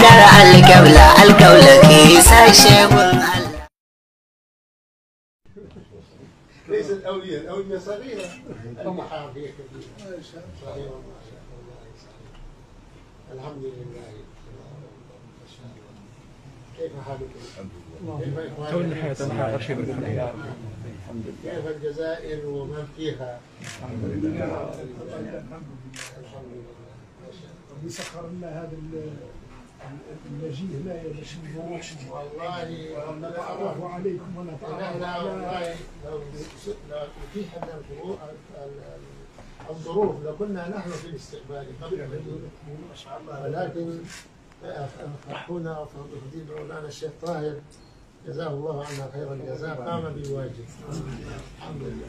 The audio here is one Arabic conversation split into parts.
kar alkaula alkaula ke sashe gun Allah ليس الأولياء الأولياء صغيرة أم حافية كبيرة ما شاء الله الحمد لله كيف حالك؟ كيف إخوانك؟ حياة أرشد كيف الجزائر ومن فيها؟ الحمد لله الحمد لله الحمد لله ربي سخر لنا هذا نجيه لا باش نروح والله نتعرف عليكم ونتعرف لا والله لو اتيحت الظروف لكنا نحن في الاستقبال قبل ما ولكن اخونا فضيل مولانا الشيخ طاهر جزاه الله عنا خير الجزاء قام بواجب الحمد لله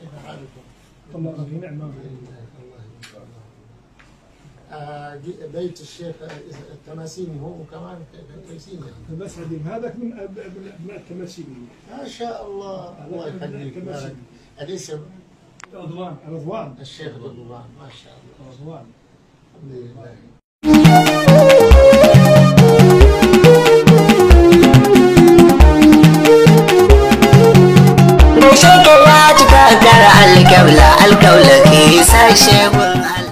كيف حالكم؟ الله بنعمه الله بيت الشيخ التماسيني هو كمان تماسيني عديم هذاك من ابناء التماسيني ما شاء الله الله يخليك الاسم رضوان رضوان الشيخ رضوان ما شاء الله رضوان الحمد لله الكولة الكولة كيسة شيخ